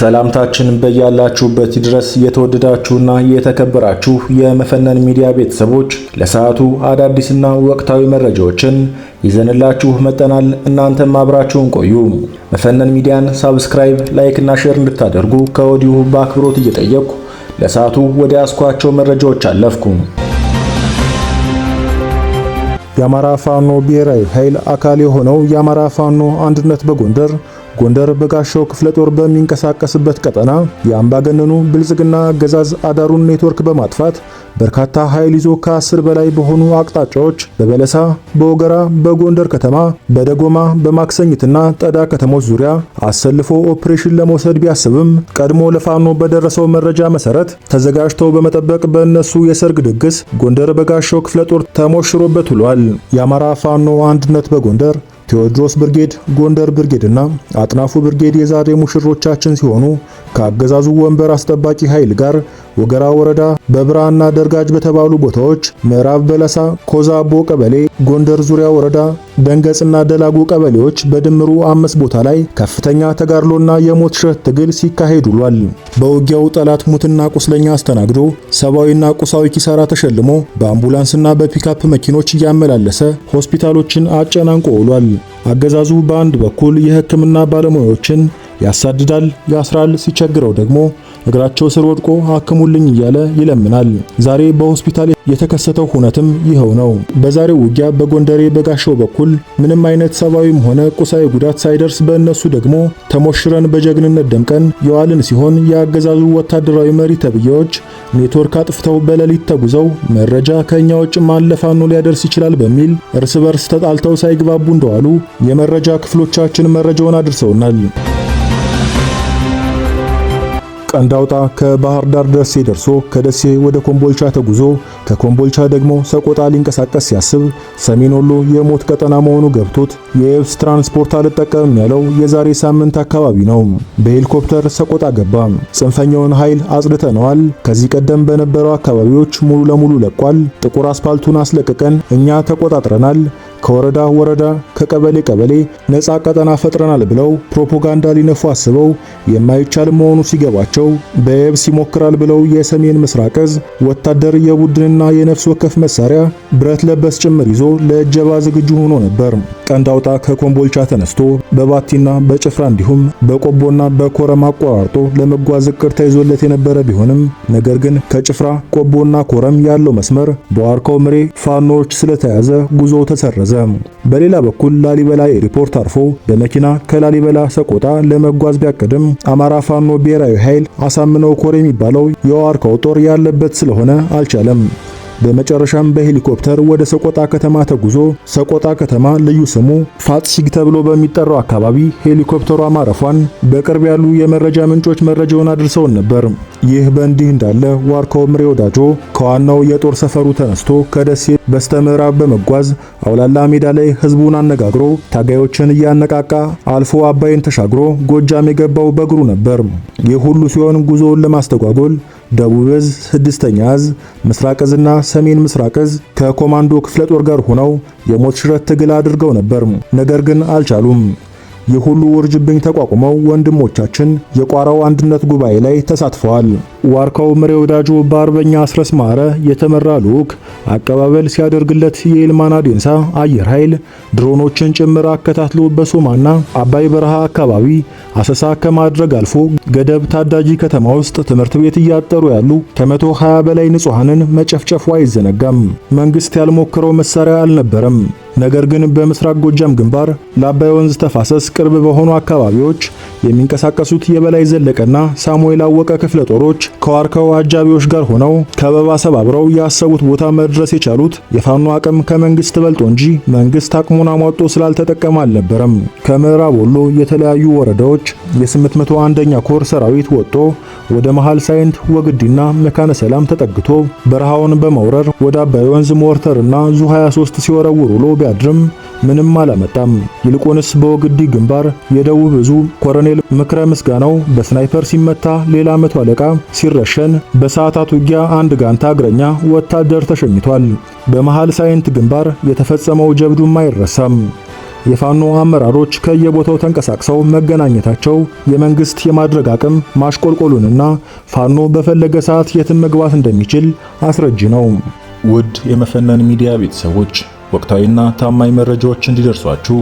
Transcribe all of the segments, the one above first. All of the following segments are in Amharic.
ሰላምታችን በያላችሁበት ድረስ የተወደዳችሁና የተከበራችሁ የመፈነን ሚዲያ ቤተሰቦች ለሰዓቱ አዳዲስና ወቅታዊ መረጃዎችን ይዘንላችሁ መጠናል። እናንተም አብራችሁን ቆዩ። መፈነን ሚዲያን ሳብስክራይብ፣ ላይክ እና ሼር እንድታደርጉ ከወዲሁ በአክብሮት እየጠየቅኩ ለሰዓቱ ወደ ያስኳቸው መረጃዎች አለፍኩ። የአማራ ፋኖ ብሔራዊ ኃይል አካል የሆነው የአማራ ፋኖ አንድነት በጎንደር ጎንደር በጋሻው ክፍለ ጦር በሚንቀሳቀስበት ቀጠና የአምባገነኑ ብልጽግና አገዛዝ አዳሩን ኔትወርክ በማጥፋት በርካታ ኃይል ይዞ ከአስር በላይ በሆኑ አቅጣጫዎች በበለሳ፣ በወገራ፣ በጎንደር ከተማ፣ በደጎማ፣ በማክሰኝትና ጠዳ ከተሞች ዙሪያ አሰልፎ ኦፕሬሽን ለመውሰድ ቢያስብም ቀድሞ ለፋኖ በደረሰው መረጃ መሰረት ተዘጋጅተው በመጠበቅ በእነሱ የሰርግ ድግስ ጎንደር በጋሻው ክፍለ ጦር ተሞሽሮበት ውሏል። የአማራ ፋኖ አንድነት በጎንደር ቴዎድሮስ ብርጌድ፣ ጎንደር ብርጌድ እና አጥናፉ ብርጌድ የዛሬ ሙሽሮቻችን ሲሆኑ ከአገዛዙ ወንበር አስጠባቂ ኃይል ጋር ወገራ ወረዳ በብራና ደርጋጅ በተባሉ ቦታዎች፣ ምዕራብ በለሳ ኮዛቦ ቀበሌ፣ ጎንደር ዙሪያ ወረዳ ደንገጽና ደላጎ ቀበሌዎች በድምሩ አምስት ቦታ ላይ ከፍተኛ ተጋድሎና የሞት ሽረት ትግል ሲካሄድ ውሏል። በውጊያው ጠላት ሙትና ቁስለኛ አስተናግዶ ሰብአዊና ቁሳዊ ኪሳራ ተሸልሞ በአምቡላንስና በፒካፕ መኪኖች እያመላለሰ ሆስፒታሎችን አጨናንቆ ውሏል። አገዛዙ በአንድ በኩል የሕክምና ባለሙያዎችን ያሳድዳል፣ ያስራል፣ ሲቸግረው ደግሞ እግራቸው ስር ወድቆ አክሙልኝ እያለ ይለምናል። ዛሬ በሆስፒታል የተከሰተው ሁነትም ይኸው ነው። በዛሬው ውጊያ በጎንደሬ በጋሻው በኩል ምንም አይነት ሰብአዊም ሆነ ቁሳዊ ጉዳት ሳይደርስ በእነሱ ደግሞ ተሞሽረን በጀግንነት ደምቀን የዋልን ሲሆን የአገዛዙ ወታደራዊ መሪ ተብዬዎች ኔትወርክ አጥፍተው በሌሊት ተጉዘው መረጃ ከእኛ ውጭ ማን ለፋኖ ሊያደርስ ይችላል በሚል እርስ በርስ ተጣልተው ሳይግባቡ እንደዋሉ የመረጃ ክፍሎቻችን መረጃውን አድርሰውናል። ቀንድ አውጣ ከባህር ዳር ደሴ ደርሶ ከደሴ ወደ ኮምቦልቻ ተጉዞ ከኮምቦልቻ ደግሞ ሰቆጣ ሊንቀሳቀስ ሲያስብ ሰሜን ወሎ የሞት ቀጠና መሆኑ ገብቶት የየብስ ትራንስፖርት አልጠቀምም ያለው የዛሬ ሳምንት አካባቢ ነው። በሄሊኮፕተር ሰቆጣ ገባ። ጽንፈኛውን ኃይል አጽድተነዋል፣ ከዚህ ቀደም በነበረው አካባቢዎች ሙሉ ለሙሉ ለቋል፣ ጥቁር አስፓልቱን አስለቅቀን እኛ ተቆጣጥረናል ከወረዳ ወረዳ ከቀበሌ ቀበሌ ነፃ ቀጠና ፈጥረናል ብለው ፕሮፓጋንዳ ሊነፉ አስበው የማይቻል መሆኑ ሲገባቸው በየብስ ይሞክራል ብለው የሰሜን ምስራቅ እዝ ወታደር የቡድንና የነፍስ ወከፍ መሳሪያ ብረት ለበስ ጭምር ይዞ ለእጀባ ዝግጁ ሆኖ ነበር። ቀንድ አውጣ ከኮምቦልቻ ተነስቶ በባቲና በጭፍራ እንዲሁም በቆቦና በኮረም አቋራርጦ ለመጓዝ እቅድ ተይዞለት የነበረ ቢሆንም ነገር ግን ከጭፍራ ቆቦና ኮረም ያለው መስመር በዋርካው ምሬ ፋኖች ስለተያዘ ጉዞ ተሰረዘ። ተያዘ። በሌላ በኩል ላሊበላ ሪፖርት አርፎ በመኪና ከላሊበላ ሰቆጣ ለመጓዝ ቢያቅድም አማራ ፋኖ ብሔራዊ ኃይል አሳምነው ኮር የሚባለው የዋርካው ጦር ያለበት ስለሆነ አልቻለም። በመጨረሻም በሄሊኮፕተር ወደ ሰቆጣ ከተማ ተጉዞ ሰቆጣ ከተማ ልዩ ስሙ ፋጽሽግ ተብሎ በሚጠራው አካባቢ ሄሊኮፕተሯ ማረፏን በቅርብ ያሉ የመረጃ ምንጮች መረጃውን አድርሰውን ነበር። ይህ በእንዲህ እንዳለ ዋርካው ምሬ ወዳጆ ከዋናው የጦር ሰፈሩ ተነስቶ ከደሴ በስተምዕራብ በመጓዝ አውላላ ሜዳ ላይ ህዝቡን አነጋግሮ ታጋዮችን እያነቃቃ አልፎ አባይን ተሻግሮ ጎጃም የገባው በእግሩ ነበር። ይህ ሁሉ ሲሆን ጉዞውን ለማስተጓጎል ደቡብ እዝ፣ ስድስተኛ እዝ፣ ምስራቅ እዝና ሰሜን ምስራቅ እዝ ከኮማንዶ ክፍለ ጦር ጋር ሆነው የሞት ሽረት ትግል አድርገው ነበር። ነገር ግን አልቻሉም። የሁሉ ውርጅብኝ ተቋቁመው ወንድሞቻችን የቋራው አንድነት ጉባኤ ላይ ተሳትፈዋል። ዋርካው ምሬ ወዳጁ በአርበኛ አስረስ ማረ የተመራ ልዑክ አቀባበል ሲያደርግለት የኤልማና ዴንሳ አየር ኃይል ድሮኖችን ጭምር አከታትሎ በሶማና አባይ በረሃ አካባቢ አሰሳ ከማድረግ አልፎ ገደብ ታዳጊ ከተማ ውስጥ ትምህርት ቤት እያጠሩ ያሉ ከ120 በላይ ንጹሐንን መጨፍጨፉ አይዘነጋም። መንግስት ያልሞከረው መሳሪያ አልነበረም። ነገር ግን በምስራቅ ጎጃም ግንባር ለአባይ ወንዝ ተፋሰስ ቅርብ በሆኑ አካባቢዎች የሚንቀሳቀሱት የበላይ ዘለቀና ሳሙኤል አወቀ ክፍለ ጦሮች ከዋርካው አጃቢዎች ጋር ሆነው ከበባ ሰባብረው ያሰቡት ቦታ መድረስ የቻሉት የፋኖ አቅም ከመንግስት በልጦ እንጂ መንግስት አቅሙን አሟጦ ስላልተጠቀመ አልነበረም። ከምዕራብ ወሎ የተለያዩ ወረዳዎች የ801ኛ ኮር ሰራዊት ወጥቶ ወደ መሃል ሳይንት ወግዲና መካነ ሰላም ተጠግቶ በረሃውን በመውረር ወደ አባይ ወንዝ ሞርተርና ዙ 23 ሲወረውር ውሎ ቢያድርም ምንም አላመጣም። ይልቁንስ በወግዲ ግንባር የደቡብ እዙ ኮሎኔል ምክረ ምስጋናው በስናይፐር ሲመታ፣ ሌላ መቶ አለቃ ሲረሸን፣ በሰዓታት ውጊያ አንድ ጋንታ እግረኛ ወታደር ተሸኝቷል። በመሃል ሳይንት ግንባር የተፈጸመው ጀብዱም አይረሳም። የፋኖ አመራሮች ከየቦታው ተንቀሳቅሰው መገናኘታቸው የመንግስት የማድረግ አቅም ማሽቆልቆሉንና ፋኖ በፈለገ ሰዓት የትም መግባት እንደሚችል አስረጅ ነው። ውድ የመፈነን ሚዲያ ቤተሰቦች ወቅታዊና ታማኝ መረጃዎች እንዲደርሷችሁ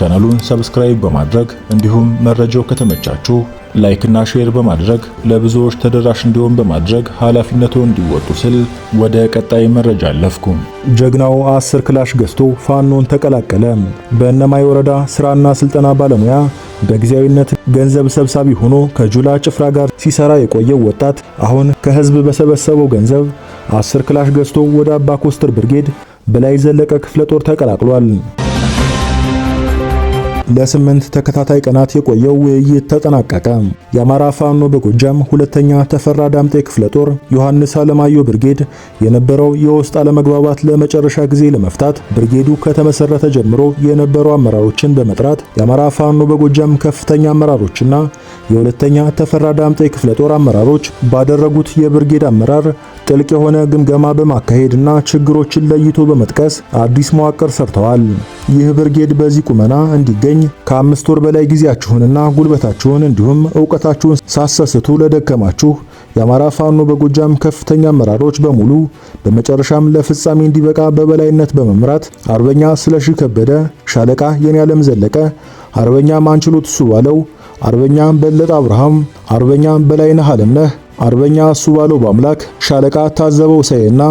ቻናሉን ሰብስክራይብ በማድረግ እንዲሁም መረጃው ከተመቻችሁ ላይክና ሼር በማድረግ ለብዙዎች ተደራሽ እንዲሆን በማድረግ ኃላፊነቱን እንዲወጡ ስል ወደ ቀጣይ መረጃ አለፍኩ። ጀግናው አስር ክላሽ ገዝቶ ፋኖን ተቀላቀለ። በእነማይ ወረዳ ስራና ስልጠና ባለሙያ በጊዜያዊነት ገንዘብ ሰብሳቢ ሆኖ ከጁላ ጭፍራ ጋር ሲሰራ የቆየው ወጣት አሁን ከህዝብ በሰበሰበው ገንዘብ አስር ክላሽ ገዝቶ ወደ አባ ኮስተር ብርጌድ በላይ ዘለቀ ክፍለ ጦር ተቀላቅሏል። ለስምንት ተከታታይ ቀናት የቆየው ውይይት ተጠናቀቀ። የአማራ ፋኖ በጎጃም ሁለተኛ ተፈራ ዳምጤ ክፍለ ጦር ዮሐንስ አለማየሁ ብርጌድ የነበረው የውስጥ አለመግባባት ለመጨረሻ ጊዜ ለመፍታት ብርጌዱ ከተመሰረተ ጀምሮ የነበሩ አመራሮችን በመጥራት የአማራ ፋኖ በጎጃም ከፍተኛ አመራሮችና የሁለተኛ ተፈራ ዳምጤ ክፍለ ጦር አመራሮች ባደረጉት የብርጌድ አመራር ጥልቅ የሆነ ግምገማ በማካሄድና ችግሮችን ለይቶ በመጥቀስ አዲስ መዋቅር ሰርተዋል። ይህ ብርጌድ በዚህ ቁመና እንዲገኝ ከአምስት ወር በላይ ጊዜያችሁንና ጉልበታችሁን እንዲሁም እውቀታችሁን ሳሰስቱ ለደከማችሁ የአማራ ፋኖ በጎጃም ከፍተኛ አመራሮች በሙሉ በመጨረሻም ለፍጻሜ እንዲበቃ በበላይነት በመምራት አርበኛ ስለሺ ከበደ፣ ሻለቃ የኔአለም ዘለቀ፣ አርበኛ ማንችሎት ባለው አርበኛ በለጠ አብርሃም፣ አርበኛ በላይነህ አለምነህ አርበኛ እሱ ባለው በአምላክ ሻለቃ ታዘበው ሳይና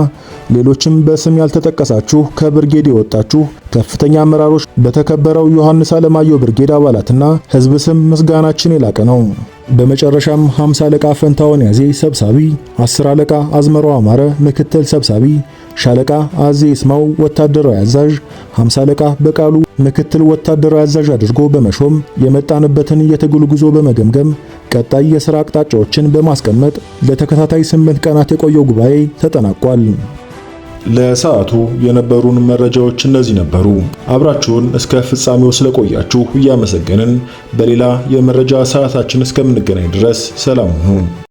ሌሎችም በስም ያልተጠቀሳችሁ ከብርጌድ የወጣችሁ ከፍተኛ አመራሮች በተከበረው ዮሐንስ አለማየሁ ብርጌድ አባላትና ሕዝብ ስም ምስጋናችን የላቀ ነው። በመጨረሻም 50 አለቃ ፈንታውን ያዜ ሰብሳቢ፣ 10 አለቃ አዝመራው አማረ ምክትል ሰብሳቢ፣ ሻለቃ አዜ ስማው ወታደራዊ አዛዥ፣ 50 አለቃ በቃሉ ምክትል ወታደራዊ አዛዥ አድርጎ በመሾም የመጣንበትን የትግል ጉዞ በመገምገም ቀጣይ የሥራ አቅጣጫዎችን በማስቀመጥ ለተከታታይ ስምንት ቀናት የቆየው ጉባኤ ተጠናቋል። ለሰዓቱ የነበሩን መረጃዎች እነዚህ ነበሩ። አብራችሁን እስከ ፍጻሜው ስለቆያችሁ እያመሰገንን በሌላ የመረጃ ሰዓታችን እስከምንገናኝ ድረስ ሰላም ሁኑ።